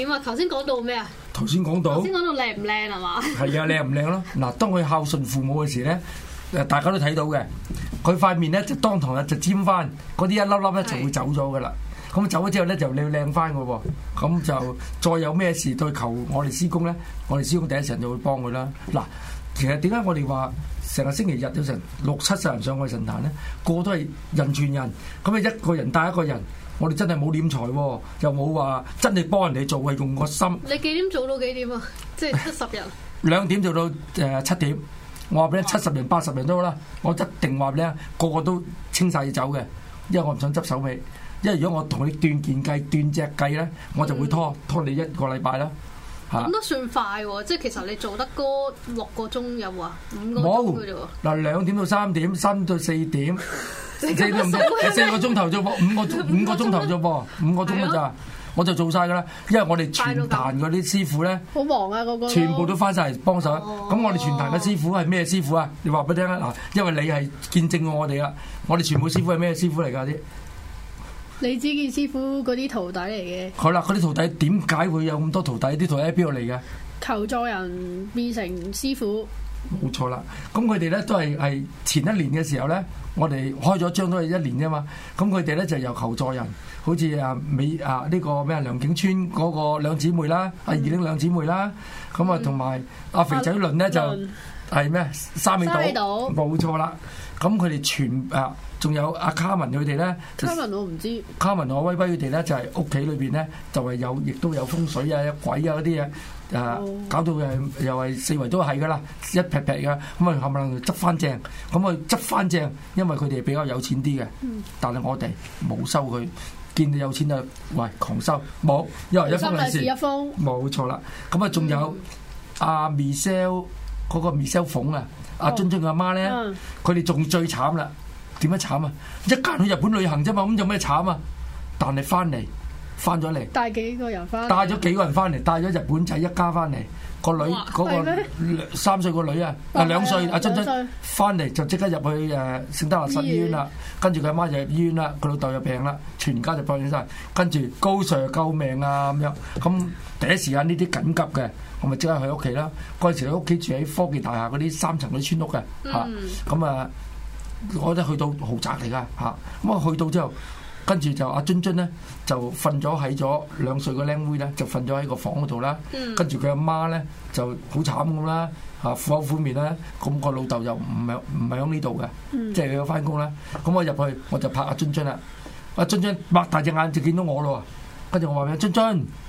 點啊？頭先講到咩啊？頭先講到頭先講到靚唔靚係嘛？係啊， 靚唔靚咯？嗱，當佢孝順父母嘅時咧，誒，大家都睇到嘅，佢塊面咧就當堂日就尖翻，嗰啲一粒粒一齊會走咗噶啦。咁是的 走咗之後咧就靚靚翻噶喎。咁 就再有咩事對求我哋師公咧，我哋師公第一時就會幫佢啦。嗱，其實點解我哋話成個星期日有成六七十人上我哋神壇咧？個個都係人傳人，咁啊一個人帶一個人。我哋真係冇斂財，又冇話真係幫人哋做，係用個心。你幾點做到幾點啊？即係七十日。兩點做到誒、呃、七點。我話俾你七十人八十人都好啦。我一定話俾你聽，個個都清晒走嘅，因為我唔想執手尾。因為如果我同你斷件計斷隻計咧，我就會拖、嗯、拖你一個禮拜啦。咁都、嗯啊、算快喎、哦！即係其實你做得多六個鐘有啊？五個鐘嗱，兩點到三點，三點到四點。 四四個鐘頭啫，五個五個鐘頭啫噃，五個鐘頭咋？的我就做晒噶啦，因為我哋全壇嗰啲師傅咧，好忙啊、個個，全部都翻晒嚟幫手。咁、哦、我哋全壇嘅師傅係咩師傅啊？你話俾聽啊嗱，因為你係見證過我哋啦，我哋全部師傅係咩師傅嚟噶啲？李子健師傅嗰啲徒弟嚟嘅。係啦，嗰啲徒弟點解會有咁多徒弟？啲徒弟喺邊度嚟嘅？求助人變成師傅。冇錯啦，咁佢哋咧都係係前一年嘅時候咧，我哋開咗張都係一年啫嘛，咁佢哋咧就由求助人，好似啊美啊呢個咩啊梁景川嗰個兩姊妹啦，阿、嗯、二嬌兩姊妹啦，咁啊同埋阿肥仔倫咧就係咩三尾里島，冇錯啦。咁佢哋全啊，仲有阿卡文佢哋咧，卡文我唔知，卡文同威威佢哋咧就係屋企裏邊咧就係有，亦都有風水啊、鬼啊嗰啲嘢，啊、oh、搞到又又係四圍都係噶啦，一劈劈噶，咁啊冚唪唥執翻正，咁啊執翻正，因為佢哋比較有錢啲嘅，但係我哋冇收佢，見到有錢就喂狂收，冇因為一時一事，冇錯啦。咁啊仲有阿 Michelle 嗰個 Michelle 峯啊。阿津俊嘅阿媽咧，佢哋仲最慘啦。點樣慘啊？一家去日本旅行啫嘛，咁有咩慘啊？但係翻嚟，翻咗嚟，帶幾個人翻，帶咗幾個人翻嚟，帶咗日本仔一家翻嚟，個女嗰個三歲個女啊，嗎啊兩歲，阿津俊翻嚟就即刻入去誒聖德華實醫院啦。元跟住佢阿媽就入醫院啦，佢老豆又病啦，全家就放喺晒。跟住高 Sir 救命啊咁樣，咁第一時間呢啲緊急嘅。我咪即刻去屋企啦！嗰陣時，喺屋企住喺科技大廈嗰啲三層嗰啲村屋嘅嚇，咁、嗯、啊，我都去到豪宅嚟噶嚇。咁、啊、我、啊、去到之後，跟住就阿津津咧就瞓咗喺咗兩歲個僆妹咧就瞓咗喺個房嗰度啦。嗯、跟住佢阿媽咧就好慘咁啦嚇，苦口苦面啦。咁、啊、個、啊、老豆又唔係唔係喺呢度嘅，嗯、即係佢翻工啦。咁我入去我就拍阿津津啦，阿津津擘大隻眼就見到我咯。跟住我話俾阿津津，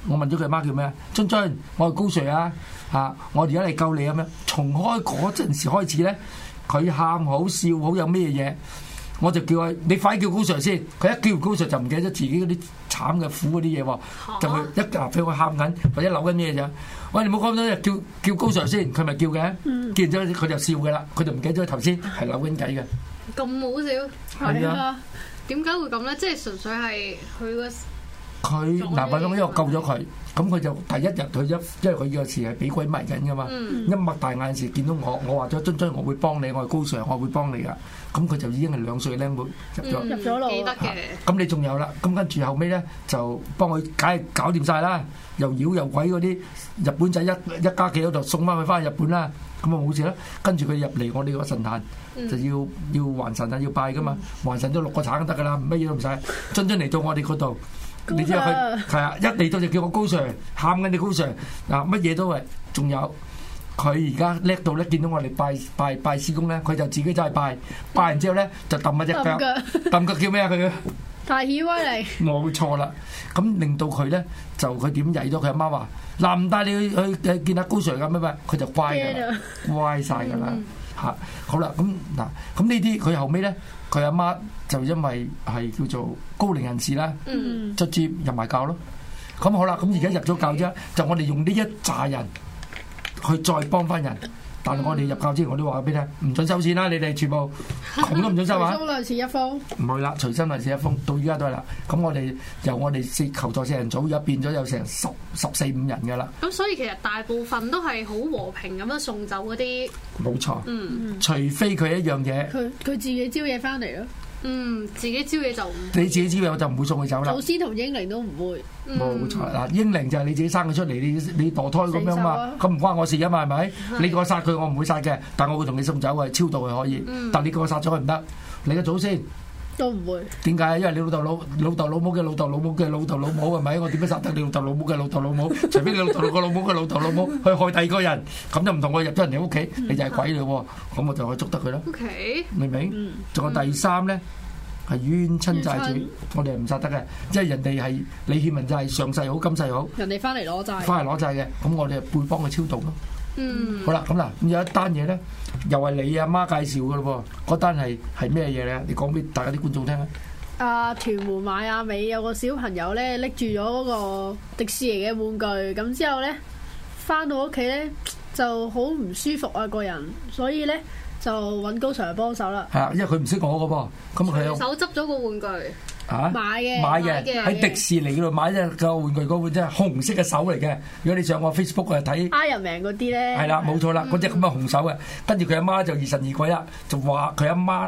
我問咗佢媽叫咩？津津，我係高 Sir 啊！嚇，我而家嚟救你咁、啊、樣。從開嗰陣時開始咧，佢喊好笑好有咩嘢，我就叫佢：你快叫高 Sir 先！佢一叫高 Sir 就唔記得自己嗰啲慘嘅苦嗰啲嘢喎，啊、就去一夾俾佢喊緊或者扭緊咩嘢咋？我、哎、話你唔好講咁多，叫叫高 Sir 先，佢咪叫嘅。叫完咗佢就笑嘅啦，佢就唔記得頭先係扭緊偈嘅。咁好笑係啊？點解會咁咧？即係純粹係佢個。佢嗱，我咁呢個救咗佢，咁佢就第一日退咗，因為佢呢個事係俾鬼迷人噶嘛，一擘大眼時見到我，我話咗津津，我會幫你，我係高 Sir，我會幫你噶。咁佢就已經係兩歲靚妹，入咗。入咗咯。記得嘅。咁你仲有啦，咁跟住後尾咧就幫佢解搞掂曬啦，又妖又鬼嗰啲日本仔一一家幾口就送翻佢翻去日本啦。咁啊冇事啦，跟住佢入嚟我哋個神壇，就要要還神啊要拜噶嘛，還神都六個橙得噶啦，乜嘢都唔使，津津嚟到我哋嗰度。你知佢係啊，一嚟到就叫我高 Sir，喊緊你高 Sir，嗱乜嘢都係。仲有佢而家叻到咧，見到我哋拜拜拜師公咧，佢就自己走去拜。拜完之後咧，就揼一隻腳，揼腳叫咩啊？佢大顯威靈。冇錯啦，咁令到佢咧就佢點曳咗佢阿媽話：嗱、啊，唔帶你去去見下高 Sir 㗎咩咩？佢就乖嘅，乖晒㗎啦。嗯嚇、啊，好啦，咁、嗯、嗱，咁呢啲佢後尾咧，佢阿媽就因為係叫做高齡人士啦，嗯、直接入埋教咯。咁、啊、好啦，咁、嗯、而家入咗教啫，就我哋用呢一扎人去再幫翻人。但係我哋入教之前，嗯、我都話過俾你聽，唔准收錢啦！你哋全部我 都唔准收啊！ 隨心利是一封，唔係啦，隨心利是一封，到依家都係啦。咁我哋由我哋求助四人組，而家變咗有成十十四五人嘅啦。咁所以其實大部分都係好和平咁樣送走嗰啲，冇錯。嗯嗯、除非佢一樣嘢，佢佢自己招嘢翻嚟咯。嗯，自己招嘢就你自己招嘢，我就唔會送佢走啦。老師同英玲都唔會。冇錯嗱，英靈就係你自己生佢出嚟，你你墮胎咁樣嘛，咁唔、啊、關我事啊嘛，係咪？的你叫我殺佢，我唔會殺嘅，但我會同你送走嘅，超度佢可以。嗯、但你叫我殺咗佢唔得，你嘅祖先都唔會。點解？因為你老豆老老豆老母嘅老豆老母嘅老豆老母係咪？ 我點樣殺得你老豆老母嘅老豆老母？除非 你老豆老母嘅老豆老母去害第二個人，咁就唔同。我入咗人哋屋企，你就係鬼嚟，咁、嗯嗯、我就去捉得佢咯。O Okay K，明唔明？仲、嗯、有第三咧。係冤親債主，親我哋唔殺得嘅，即係人哋係你欠人債，上世好，今世好，人哋翻嚟攞債，翻嚟攞債嘅，咁我哋啊背幫佢超度咯。嗯，好啦，咁嗱，咁有一單嘢咧，又係你阿媽介紹嘅咯喎，嗰單係係咩嘢咧？你講俾大家啲觀眾聽啊！啊，屯門買阿美有個小朋友咧，拎住咗嗰個迪士尼嘅玩具，咁之後咧翻到屋企咧就好唔舒服啊個人，所以咧。就揾高 Sir 幫手啦。係啊，因為佢唔識我噶噃，咁佢手執咗個玩具，買嘅，買嘅，喺迪士尼嗰度買隻個玩具，嗰隻紅色嘅手嚟嘅。如果你上我 Facebook 啊睇 Iron Man 嗰啲咧，係啦，冇錯啦，嗰隻咁嘅紅手嘅。跟住佢阿媽就疑神疑鬼啦，就話佢阿媽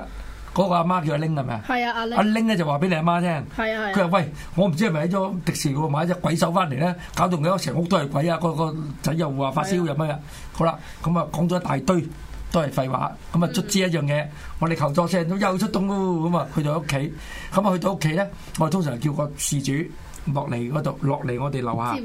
嗰個阿媽叫阿 Ling 係咪啊？係啊，阿 Ling 阿 Ling 咧就話俾你阿媽聽，係啊，佢話喂，我唔知係咪喺咗迪士尼嗰度買隻鬼手翻嚟咧，搞到佢家成屋都係鬼啊！個個仔又話發燒又乜嘢，好啦，咁啊講咗一大堆。都係廢話咁啊，卒之一樣嘢，我哋求助聲都又出動咯咁啊。去到屋企咁啊，去到屋企咧，我哋通常叫個事主，落嚟嗰度，落嚟我哋樓下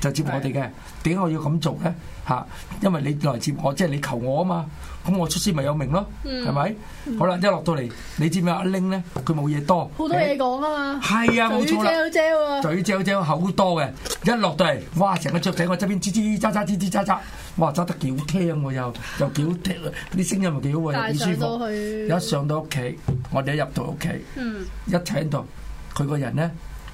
就接我哋嘅，點解我要咁做咧？吓，因為你嚟接我，即係你求我啊嘛，咁我出師咪有名咯，係咪？好啦，一落到嚟，你知唔知阿玲咧？佢冇嘢多，好多嘢講啊嘛，係啊，冇錯啦，嘴嚼嚼口好多嘅，一落到嚟，哇，成個雀仔我側邊吱吱喳喳吱吱喳喳，哇，揸得幾好聽喎，又又幾好聽，啲聲音又幾好啊，幾舒服。一上到屋企，我哋一入到屋企，一睇到佢個人咧。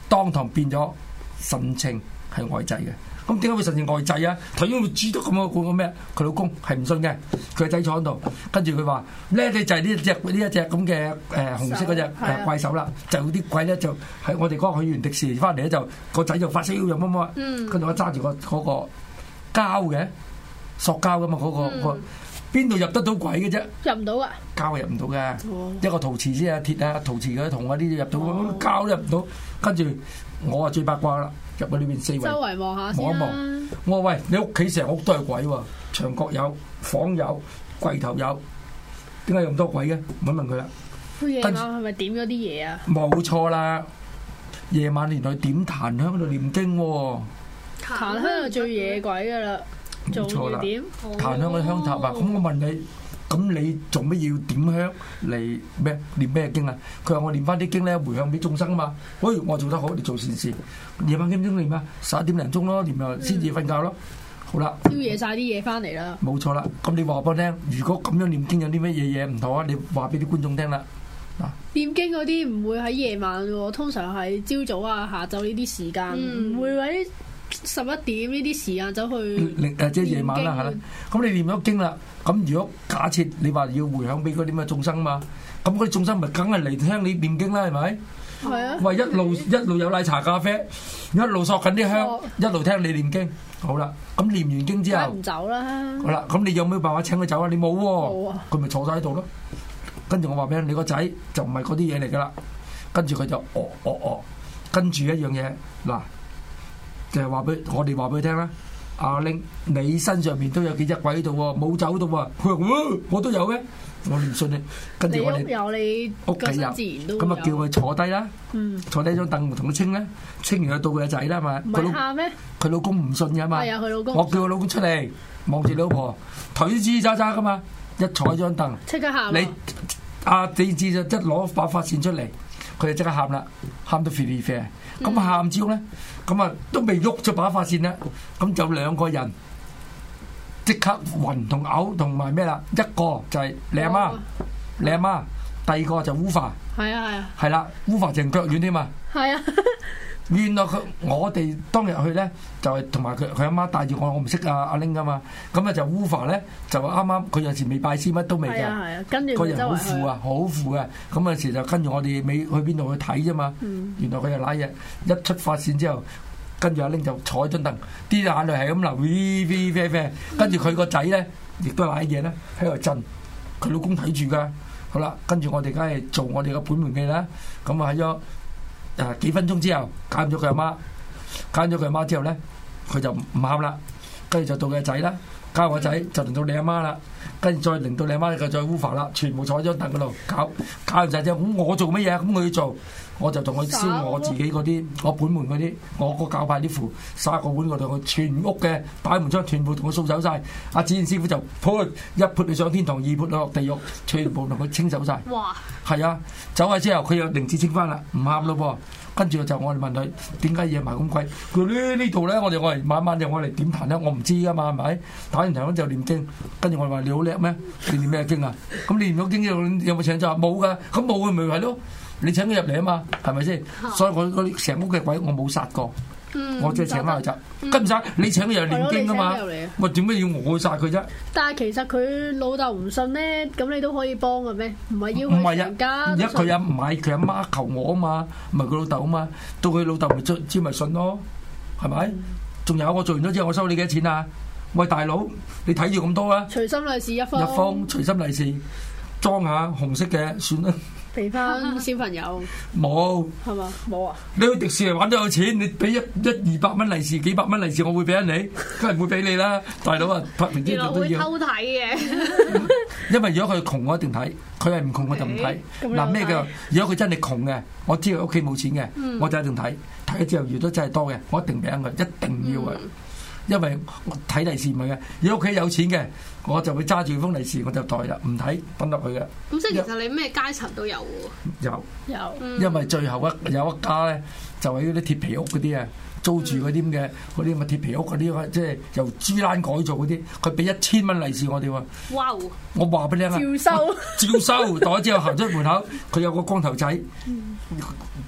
當堂變咗神情係外滯嘅，咁點解會神情外滯、呃、啊？頭先知道咁啊，講個咩？佢老公係唔信嘅，佢個仔坐喺度，跟住佢話咧，你就係呢隻呢一隻咁嘅誒紅色嗰隻怪獸啦，就啲鬼咧就喺我哋嗰日去完迪士尼翻嚟咧，就個仔就發燒又乜乜，跟住我揸住個嗰個膠嘅塑膠噶嘛嗰、那個。嗯那個邊度入得到鬼嘅啫？入唔到啊！膠入唔到嘅？Oh. 一個陶瓷先啊，鐵啊，陶瓷嗰啲同啲入到，膠咧入唔到。跟住我啊最八卦啦，入去呢邊四周圍，望下，望一望。我話喂，你屋企成屋都係鬼喎，牆角有，房有，櫃頭有，點解咁多鬼嘅？唔好問佢啦。夜晚係咪點咗啲嘢啊？冇錯啦，夜晚原來點檀香度念經、啊，檀香就最惹鬼噶啦。冇錯啦，彈、哦、香嗰啲香塔啊！咁、哦、我問你，咁你做乜要點香嚟咩？念咩經啊？佢話我念翻啲經咧，回向俾眾生啊嘛。喂，我做得好，你做善事，事。夜晚幾點鐘念啊？十一點零鐘咯，念完先至瞓覺咯。好啦，宵夜晒啲嘢翻嚟啦。冇錯啦，咁你話俾我聽，如果咁樣念經有啲咩嘢嘢唔妥啊？你話俾啲觀眾聽啦。唸、啊、經嗰啲唔會喺夜晚喎，通常喺朝早啊、下晝呢啲時間，唔會喺。嗯嗯十一點呢啲時間走去，誒，即係夜晚啦，係啦。咁你念咗經啦，咁如果假設你話要回向俾嗰啲咩眾生嘛，咁嗰啲眾生咪梗係嚟聽你念經啦，係咪？係啊。喂，一路一路有奶茶咖啡，一路索緊啲香，一路聽你念經。好啦，咁念完經之後，唔走啦。好啦，咁你有冇辦法請佢走啊？你冇喎，佢咪坐晒喺度咯。跟住我話俾你，你個仔就唔係嗰啲嘢嚟噶啦。跟住佢就哦哦哦，跟住一樣嘢嗱。就係話俾我哋話俾佢聽啦，阿玲，你身上邊都有幾隻鬼喺度喎，冇走度喎。佢話我我都有嘅，我唔信你。你屋有你屋企有，咁啊叫佢坐低啦，坐低張凳同佢清啦，清完去到佢個仔啦嘛。佢喊咩？佢老公唔信嘅嘛。係啊，佢老公。我叫佢老公出嚟望住老婆，腿吱喳喳噶嘛，一坐喺張凳，即刻喊啦。你阿子子就一攞把發扇出嚟。佢哋即刻喊啦，喊到 free i r 咁喊招後咧，咁啊都未喐就把發線啦，咁就兩個人即刻暈同嘔同埋咩啦，一個就係你阿媽，哦、你阿媽，第二個就烏伐，係啊係啊，係、啊、啦，烏伐淨腳軟添嘛，係是啊。 原來佢我哋當日去咧，就係同埋佢佢阿媽帶住我，我唔識阿阿玲噶嘛，咁啊就烏伐咧就話啱啱佢有時未拜師乜都未嘅，個人好富啊，好富啊，咁有時就跟住我哋尾去邊度去睇啫嘛。原來佢就瀨嘢，一出發線之後，跟住阿玲就坐喺張凳，啲眼淚係咁流，飛飛飛飛，跟住佢個仔咧亦都瀨嘢咧喺度震，佢老公睇住噶。好啦，跟住我哋梗係做我哋嘅本門技啦，咁啊喺咗。啊！幾分鐘之後，揀咗佢阿媽，揀咗佢阿媽之後咧，佢就唔唔喊啦，跟住就到佢仔啦，揀個仔就輪到你阿媽啦，跟住再輪到你阿媽就再污犯啦，全部坐喺張凳嗰度搞，搞完曬之後，咁我做乜嘢？咁我要做。我就同佢燒我自己嗰啲，我本門嗰啲，我個教派啲符，卅個本我同佢全屋嘅大門窗全部同佢掃走晒。阿自燕師傅就噗一潑你上天堂，二潑佢落地獄，全部同佢清走晒。哇！係啊，走曬之後佢又靈智清翻啦，唔喊咯噃。跟住就我哋問佢點解嘢賣咁貴？佢呢呢度咧，我哋我哋晚晚就我哋點彈咧，我唔知噶嘛，係咪？打完頭就唸經，跟住我哋話你好叻咩？唸唸咩經啊？咁唸咗經有你有冇請咒？冇噶，咁冇咪咪係咯。你請佢入嚟啊嘛，係咪先？ 所以我我成屋嘅鬼我冇殺過，嗯、我再請翻佢執。跟唔使，嗯、你請佢入嚟念經啊嘛。喂，點解要我殺佢啫？但係其實佢老豆唔信咧，咁你都可以幫嘅咩？唔係要佢人家信。而家佢阿唔係佢阿媽求我啊嘛，唔係佢老豆啊嘛。到佢老豆咪知知咪信咯，係咪？仲、嗯、有我做完咗之後，我收你幾多錢啊？喂，大佬，你睇住咁多啊？隨心利是， 一封，隨一封隨心利是，裝下紅色嘅，算啦。 俾翻小朋友冇係嘛？冇啊！你去迪士尼玩都有錢，你俾一一二百蚊利是，幾百蚊利是，我會俾你，梗係會俾你啦，大佬啊！我 會偷睇嘅，因為如果佢窮，我一定睇；佢係唔窮，我就唔睇。嗱咩叫？如果佢真係窮嘅，我知道屋企冇錢嘅，我就一定睇，睇咗之後，如果真係多嘅，我一定俾翻佢，一定要啊！嗯因為我睇利是唔係嘅，如果屋企有錢嘅，我就會揸住封利是我就袋啦，唔睇抌落去嘅。咁即係其實你咩階層都有喎。為有，有，因為最後一有一家咧，就係嗰啲鐵皮屋嗰啲啊。租住嗰啲嘅，嗰啲咁嘅鐵皮屋嗰啲即係由豬欄改造嗰啲，佢俾一千蚊利是我哋喎。哇！我話俾你聽啊！照收，照收。袋之後行出門口，佢有個光頭仔。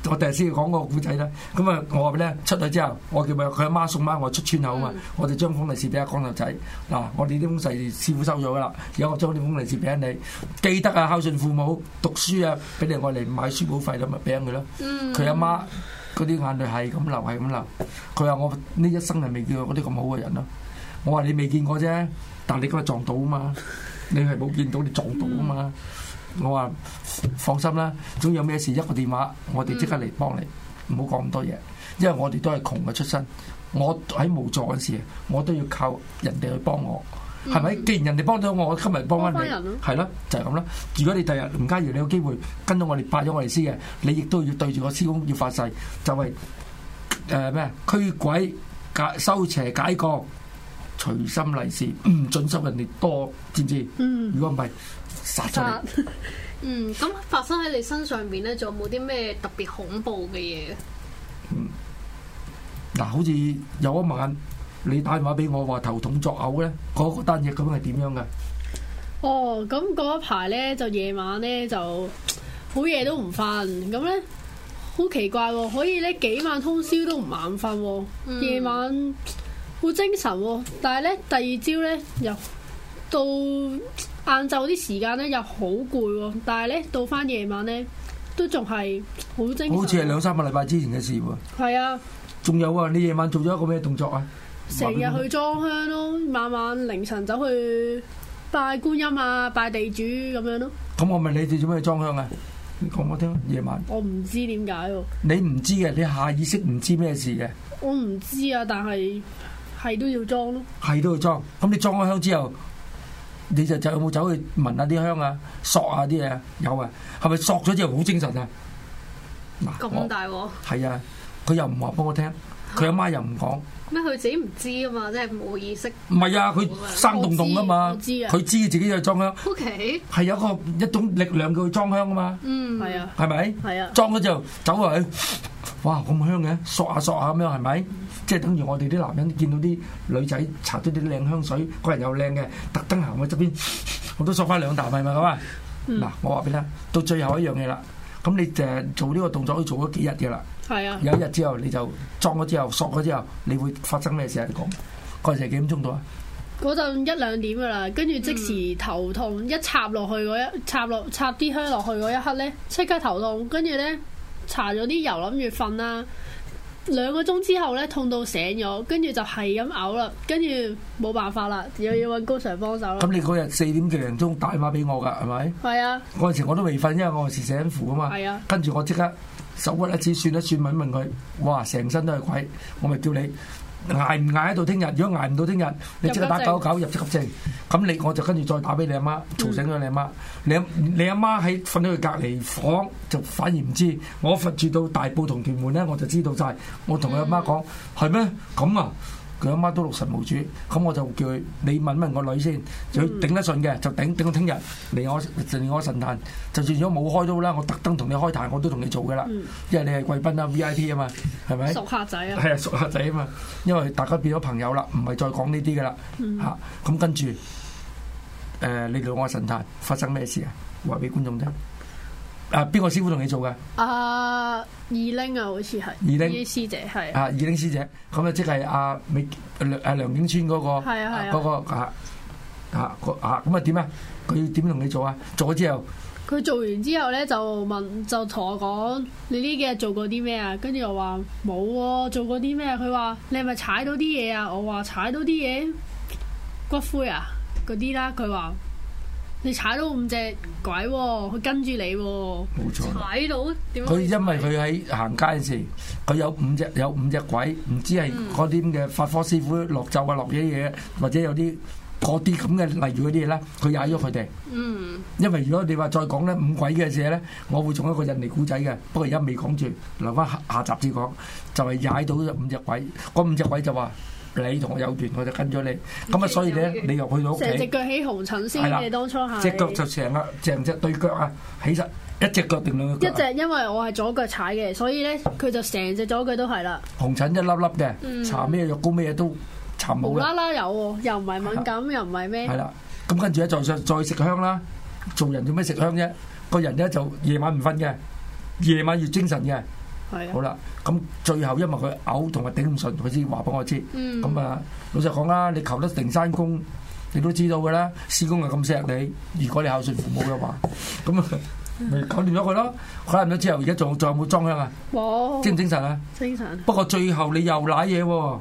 我第日先要講個古仔啦。咁啊，我咧出咗之後，我叫咪佢阿媽送翻我出村口啊嘛。我哋將封利是俾阿光頭仔嗱，我哋啲封利是師傅收咗㗎啦。而家我將啲封利是俾你，記得啊孝順父母，讀書啊俾你我嚟買書簿費咁啊，咪俾佢咯。佢阿媽。嗰啲眼淚係咁流，係咁流。佢話：我呢一生人未見過啲咁好嘅人咯。我話：你未見過啫，但你今日撞到啊嘛，你係冇見到你撞到啊嘛。我話：放心啦，總有咩事一個電話，我哋即刻嚟幫你。唔好講咁多嘢，因為我哋都係窮嘅出身，我喺無助嗰時候，我都要靠人哋去幫我。係咪？既然人哋幫到我，我今日幫翻你，係咯，就係咁咯。如果你第日吳家瑤，你有機會跟到我哋拜咗我哋師嘅，你亦都要對住個師公要發誓，就係誒咩驅鬼解收邪解降，隨心利是、唔准收人哋多，知唔知？如果唔係，殺咗你。嗯，咁、嗯、發生喺你身上面咧，仲有冇啲咩特別恐怖嘅嘢？嗱、嗯，好似有一晚。你打電話俾我話頭痛作嘔咧，嗰個單嘢，究竟係點樣噶？哦，咁嗰一排咧就夜晚咧就好夜都唔瞓，咁咧好奇怪喎，可以咧幾晚通宵都唔眼瞓，夜晚好精神喎，但係咧第二朝咧又到晏晝啲時間咧又好攰，但係咧到翻夜晚咧都仲係好精神，好似係兩三個禮拜之前嘅事喎。係啊，仲有啊，你夜晚做咗一個咩動作啊？成日去裝香咯，晚晚凌晨走去拜觀音啊，拜地主咁樣咯。咁我問你哋做咩裝香啊？你講我聽。夜晚我唔知點解喎。你唔知嘅，你下意識唔知咩事嘅。我唔知啊，但係係都要裝咯。係都要裝。咁你裝咗香之後，你就有冇走去聞下啲香啊？索下啲嘢有啊？係咪索咗之後好精神啊？咁大鑊係啊！佢又唔話畀我聽，佢阿媽又唔講。咩？佢自己唔知啊嘛，即係冇意識。唔係啊，佢生洞洞啊嘛，佢知,知,知自己嘅裝香。O K，係有一個一種力量叫佢裝香啊嘛。嗯，係啊，係咪吧？係啊，裝咗之後走落去。哇，咁香嘅，嗦下、啊、嗦下咁樣係咪？嗯、即係等住我哋啲男人見到啲女仔搽咗啲靚香水，個人又靚嘅，特登行去側邊，我都嗦翻兩啖係咪咁啊？嗱，我話俾你聽，到最後一樣嘢啦。咁你就係做呢個動作，都做咗幾日嘅啦。喇喇係啊！有一日之後你就裝咗之後索咗之後，你會發生咩事啊？你講嗰陣係幾點鐘到啊？嗰陣一兩點噶啦，跟住即時頭痛，一插落去嗰一插落插啲香落去嗰一刻咧，即刻頭痛，跟住咧，搽咗啲油諗住瞓啦。兩個鐘之後咧，痛到醒咗，跟住就係咁嘔啦，跟住冇辦法啦，又要搵高 sir 幫手咯。咁、嗯、你嗰日四點幾零鐘打電話俾我噶係咪？係啊。嗰陣時我都未瞓，因為我是醒苦啊嘛。係啊。啊跟住我即刻。手骨一次算一算問一問佢，哇成身都係鬼，我咪叫你捱唔捱到聽日？如果捱唔到聽日，你即刻打九九入急症，咁你我就跟住再打俾你阿媽，嘈醒咗你阿媽，你你阿媽喺瞓喺佢隔離房，就反而唔知，我佛住到大埔同屯門咧，我就知道曬。我同佢阿媽講，係咩咁啊？佢阿媽都六神無主，咁我就叫佢，你問問個女先，就頂得順嘅就頂，頂到聽日嚟我嚟我神壇，就算如果冇開都好啦，我特登同你開壇，我都同你做噶啦，因為你係貴賓啊 V I P 啊嘛，係咪？熟客仔啊，係啊，熟客仔啊嘛，因為大家變咗朋友啦，唔係再講呢啲噶啦嚇，咁、嗯啊、跟住誒、呃，你嚟我神壇發生咩事啊？話俾觀眾聽。啊！邊個二 ier? 師傅同你做嘅？啊，二 l 啊，好似係二 l i 師姐係。啊，二 l i 師姐，咁啊即係阿美梁阿梁景川嗰個，嗰個啊啊個啊，咁啊點啊？佢點同你做啊？做咗之後，佢做完之後咧就問，就同我講：你呢幾日做過啲咩啊？跟住又話冇喎，做過啲咩？佢話你係咪踩到啲嘢啊？我話踩到啲嘢骨灰啊，嗰啲啦。佢話。你踩到五隻鬼，佢跟住你，冇踩到點？佢因為佢喺行街陣時，佢有五隻有五隻鬼，唔知係嗰啲咁嘅法科師傅落咒啊落嘢嘢，或者有啲嗰啲咁嘅例如嗰啲嘢啦，佢踩咗佢哋。嗯，因為如果你話再講咧五鬼嘅事咧，我會仲一個人嚟古仔嘅，不過而家未講住，留翻下，下集先講，就係踩到五隻鬼，個五隻鬼就話。你同我有緣，我就跟咗你。咁啊、嗯，所以咧，嗯、你又去到屋企，成隻腳起紅疹先。嘅。係啦，當初下。隻腳就成啊，成隻對腳啊，其實一隻腳定兩隻腳？啊。一隻，因為我係左腳踩嘅，所以咧，佢就成隻左腳都係啦。紅疹一粒粒嘅，搽咩藥膏咩都搽冇啦。拉拉有喎。哦，又唔係敏感，又唔係咩。係啦，咁跟住咧，再再食香啦。做人做咩食香啫？個人咧就夜晚唔瞓嘅，夜晚越精神嘅。 好啦，咁最後因為佢嘔同埋頂唔順，佢先話俾我知。咁啊、嗯，老實講啦，你求得定山公，你都知道噶啦，師公又咁錫你。如果你孝順父母嘅話，咁啊，咪搞掂咗佢咯。搞掂咗之後，而家仲仲有冇裝香啊？精唔精神啊？精神。精神不過最後你又賴嘢喎。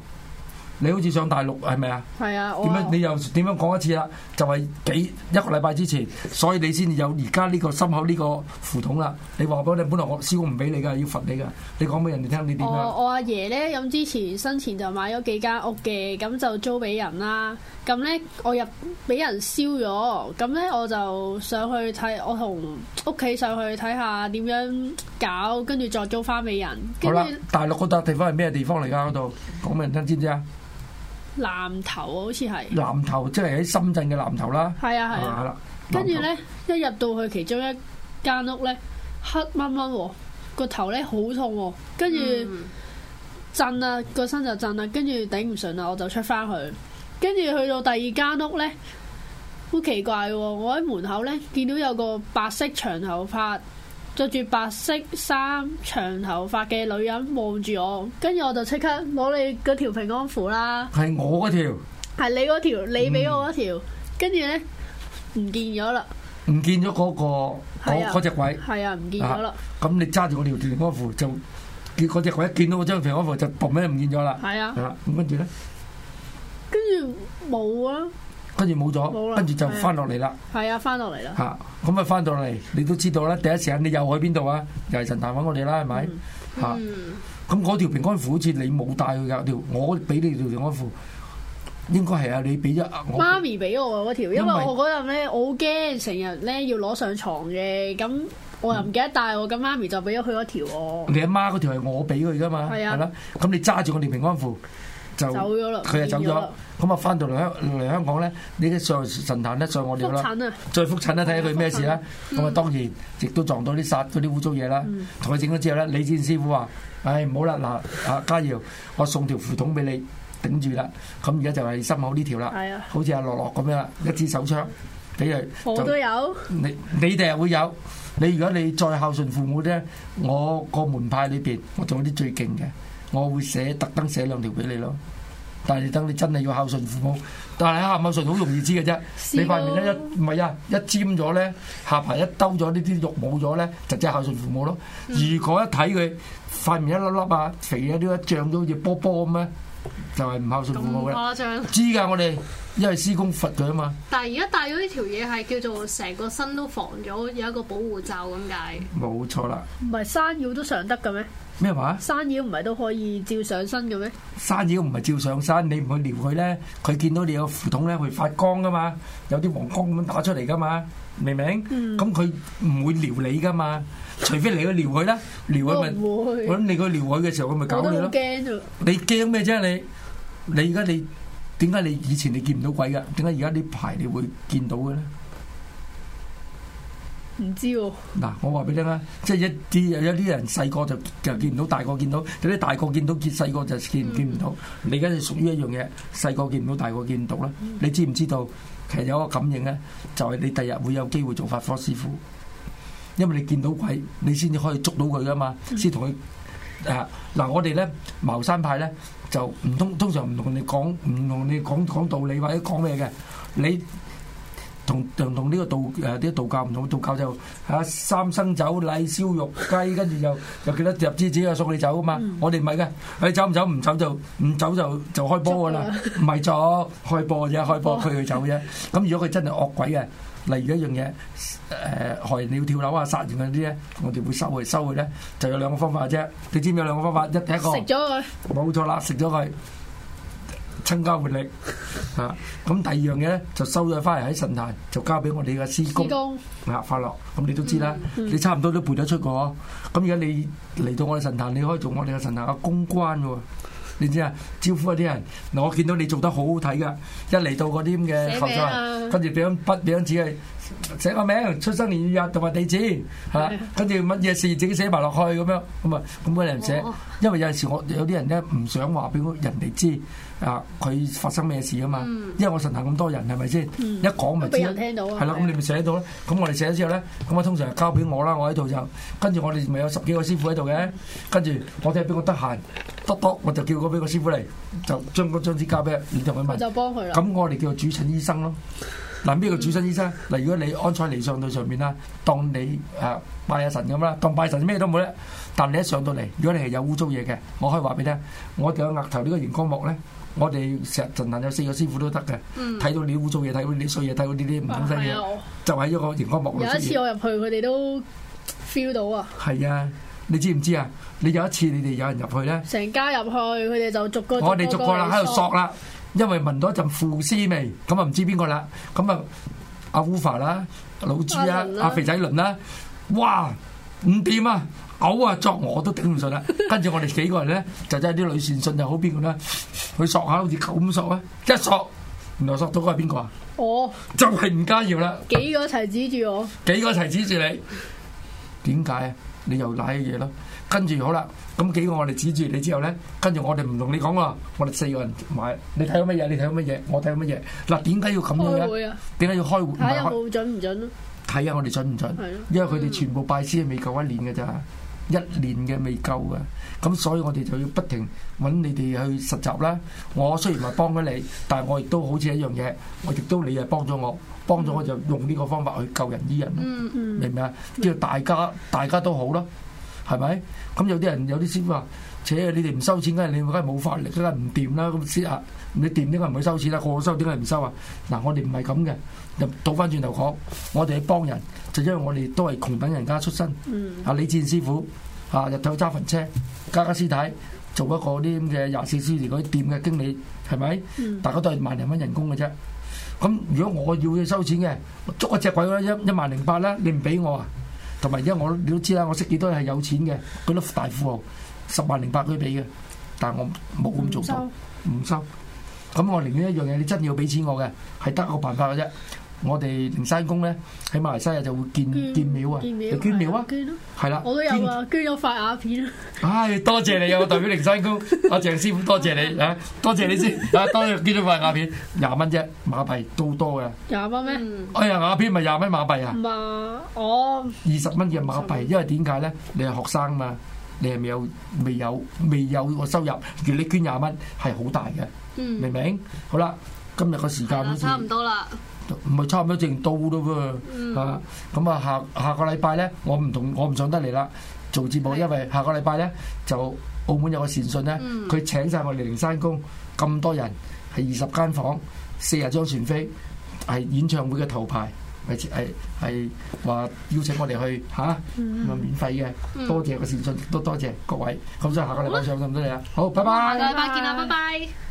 你好似上大陸係咪啊？係啊，點樣你又點樣講一次啊？就係、是、幾一個禮拜之前，所以你先有而家呢個心口呢個符筒啦。你話俾我哋，你本來我燒唔俾你㗎，要罰你㗎。你講俾人哋聽你點樣？我阿爺咧咁之前生前就買咗幾間屋嘅，咁就租俾人啦。咁咧我入俾人燒咗，咁咧我就上去睇，我同屋企上去睇下點樣搞，跟住再租翻俾人。好啦，大陸嗰笪地方係咩地方嚟㗎？嗰度講俾人聽知唔知啊？南頭好似係南頭，即係喺深圳嘅南頭啦。係啊係啊，跟住咧一入到去其中一間屋咧，黑掹掹喎，個頭咧好痛，跟住震啊，個身就震啦，跟住頂唔順啦，我就出翻去。跟住去到第二間屋咧，好奇怪喎，我喺門口咧見到有個白色長頭髮。着住白色衫、長頭髮嘅女人望住我，跟住我就即刻攞你嗰條平安符啦。係我嗰條？係你嗰條，你俾我嗰條，跟住咧？唔見咗啦。唔見咗嗰、嗰個嗰嗰隻鬼。係啊，唔、啊、見咗啦。咁、啊、你揸住我條平安符就，見嗰隻鬼一見到我張平安符就嘣咩？唔見咗啦。係啊。啊，咁跟住咧？跟住冇啊！跟住冇咗，跟住了就翻落嚟啦。係啊，翻落嚟啦。吓，咁啊翻到嚟，你都知道啦。第一時間你又去邊度啊？又係神壇揾我哋啦，係咪？嚇、嗯！咁嗰條平安符好似你冇帶佢嘅條，我俾你條平安符，應該係啊。你俾咗。媽咪俾我嗰條，因為，因為我嗰陣咧，我好驚，成日咧要攞上床嘅，咁我又唔記得帶我，咁、嗯、媽咪就俾咗佢嗰條我。你阿媽嗰條係我俾佢㗎嘛？係啊。係咯，咁你揸住我條平安符。走咗啦，佢就，就走咗，咁啊翻到嚟香嚟香港咧，你啲上神壇咧，上我哋啦，覆寒再覆診啦，睇下佢咩事啦。咁啊寒當然，亦都撞到啲殺嗰啲污糟嘢啦。同佢整咗之後咧，李戰師傅話，唉、哎，唔好啦，嗱，啊家瑤，我送條符筒俾你頂住啦。咁而家就係心口呢條啦，哎、呀好似阿樂樂咁樣，一支手槍俾佢。我都有。你你哋係會有。你如果你再孝順父母咧，我個門派裏邊，我做啲最勁嘅。我會寫特登寫兩條俾你咯，但係等你真係要孝順父母，但係孝唔孝順好容易知嘅啫。師公你塊面咧一唔係啊，一尖咗咧下排一兜咗呢啲肉冇咗咧，就即係孝順父母咯。如果一睇佢塊面一粒粒啊，肥啊呢一脹咗好似波波咁咧，就係、是、唔孝順父母嘅。咁誇張？知㗎，我哋因為師公罰佢啊嘛。但係而家戴咗呢條嘢係叫做成個身都防咗，有一個保護罩咁解。冇錯啦。唔係山腰都上得嘅咩？咩話？山妖唔係都可以照上身嘅咩？山妖唔係照上山，你唔去撩佢咧，佢見到你有個符筒咧，佢會發光噶嘛，有啲黃光咁樣打出嚟噶嘛，明唔明？咁佢唔會撩你噶嘛，除非你去撩佢啦，撩佢咪，我諗你去撩佢嘅時候，佢咪搞你咯。我都好驚啊！你驚咩啫？你你而家你點解你以前你見唔到鬼嘅？點解而家啲牌你會見到嘅咧？唔知喎、啊。嗱、啊，我話俾你聽啦，即係一啲有有啲人細個就就見唔到，大個見到；有啲大個見到，見細個就見見唔到。你而家就屬於一樣嘢，細個見唔到，大個見唔到啦。嗯、你知唔知道？其實有一個感應咧，就係、係、你第日會有機會做法科師傅，因為你見到鬼，你先至可以捉到佢噶嘛，先同佢誒。嗱、嗯啊，我哋咧茅山派咧就唔通通常唔同你講，唔同你講講道理或者講咩嘅，你。同同同呢個道誒啲道教唔同，道教就嚇三生酒、禮燒肉雞，跟住就又幾多入資者啊，送你走啊嘛！我哋唔係嘅，你走唔走唔走就唔走就就開波噶啦，唔係咗，開波嘅啫，開波佢去走嘅啫。咁如果佢真係惡鬼嘅，例如一樣嘢誒害人要跳樓啊、殺人嗰啲咧，我哋會收佢收佢咧，就有兩個方法啫。你知唔知有兩個方法？一一個食咗佢，冇錯啦，食咗佢。增加活力嚇，咁、啊、第二樣嘢咧，就收咗翻嚟喺神壇，就交俾我哋嘅師公嚇公、啊、法樂。咁你都知啦，嗯嗯、你差唔多都背得出個。咁而家你嚟到我哋神壇，你可以做我哋嘅神壇嘅、啊、公關喎、啊。你知啊，招呼一啲人嗱、啊，我見到你做得好好睇噶，一嚟到嗰啲咁嘅後台，跟住俾張筆、俾張紙嘅。寫個名、出生年月日同埋地址，係啦，跟住乜嘢事自己寫埋落去咁樣，咁啊，咁佢哋唔寫，因為有陣時我有啲人咧唔想話俾人哋知啊，佢發生咩事啊嘛，因為我神壇咁多人係咪先？一講咪知，都俾人聽到啊！係啦，咁你咪寫到啦。咁我哋寫咗之後咧，咁我通常交俾我啦，我喺度就跟住我哋咪有十幾個師傅喺度嘅，跟住我哋睇下邊個得閒，多多我就叫個邊個師傅嚟，就將個張紙交俾你同佢問，就幫佢啦。咁我哋叫做主診醫生咯。嗱呢個主診醫生，嗱如果你安采妮上到上面啦，當你誒拜下神咁啦，當拜神咩都冇咧。但你一上到嚟，如果你係有污糟嘢嘅，我可以話俾你聽，我哋嘅額頭呢個玄光木咧，我哋成日儘量有四個師傅都得嘅，睇、嗯、到你污糟嘢，睇到你碎嘢，睇到呢啲唔乾身嘢，啊、就係一個玄光木。有一次我入去，佢哋都 feel 到啊。係啊，你知唔知啊？你有一次你哋有人入去咧，成家入去，佢哋就逐個我哋逐個啦，喺度索啦。因為聞到一陣腐屍味，咁啊唔知邊個啦，咁啊阿烏文伐啦、老朱啦、阿肥仔倫啦，哇，唔掂啊，嘔啊作我都頂唔順啦。跟住我哋幾個人咧，就真係啲女善信又好邊個啦，佢索下好似狗咁索啊，一索，原來索到係邊個啊？哦我，就係吳家瑤啦。幾個一齊指住我？幾個一齊指住你？點解啊？你又瀨嘢啦？跟住好啦，咁幾個我哋指住你之後咧，跟住我哋唔同你講喎，我哋四個人買。你睇到乜嘢？你睇到乜嘢？我睇到乜嘢？嗱，點解要咁樣咧？點解、啊、要開會？睇下好準唔準咯、啊？睇下我哋準唔準？準準的，因為佢哋全部拜師係未夠一年嘅咋，嗯、一年嘅未夠嘅，咁所以我哋就要不停揾你哋去實習啦。我雖然話幫咗你，但係我亦都好似一樣嘢，我亦都你係幫咗我，幫咗我就用呢個方法去救人醫人。明唔明啊？叫大家大家都好咯。係咪？咁有啲人有啲師傅話，扯你哋唔收錢，梗係你梗係冇法力，梗係唔掂啦。咁先啊！你掂點解唔去收錢啦？個個收點解唔收啊？嗱，我哋唔係咁嘅。倒翻轉頭講，我哋幫人就因為我哋都係窮等人家出身。啊，李戰師傅啊，日頭揸粉車，家家師弟做一個啲咁嘅廿四小時嗰啲店嘅經理，係咪？大家都係萬零蚊人工嘅啫。咁如果我要去收錢嘅，捉一隻鬼啦，一一萬零八啦，你唔俾我啊？同埋而家我你都知啦，我識幾多人係有錢嘅，嗰啲大富豪十萬零八佢俾嘅，但係我冇咁做到，唔收。咁我寧願一樣嘢，你真要俾錢我嘅，係得個辦法嘅啫。我哋靈山公咧喺馬來西亞就會建建廟啊，建廟啊，係啦，我都有啊，捐咗塊瓦片啊。唉，多謝你啊！我代表靈山公，阿鄭師傅多謝你啊！多謝你先啊！多謝捐咗塊瓦片，廿蚊啫，馬幣都多噶。廿蚊咩？我哋瓦片咪廿蚊馬幣啊？唔係，哦，二十蚊嘅馬幣，因為點解咧？你係學生嘛？你係未有未有未有個收入，而你捐廿蚊係好大嘅。嗯，明唔明？好啦，今日個時間都差唔多啦。唔係差唔多，正到啦喎嚇！咁啊，下下個禮拜咧，我唔同我唔上得嚟啦，做節目，因為下個禮拜咧就澳門有個善信咧，佢、嗯、請晒我哋靈山宮咁多人，係二十間房，四十張船飛，係演唱會嘅頭牌。係係係話邀請我哋去吓，咁啊、嗯、免費嘅，嗯、多謝個善信，都多，多謝各位。咁所以下個禮拜上嗎得唔得嚟啊？好，bye bye bye 拜拜。下好，拜拜，見啦，拜拜。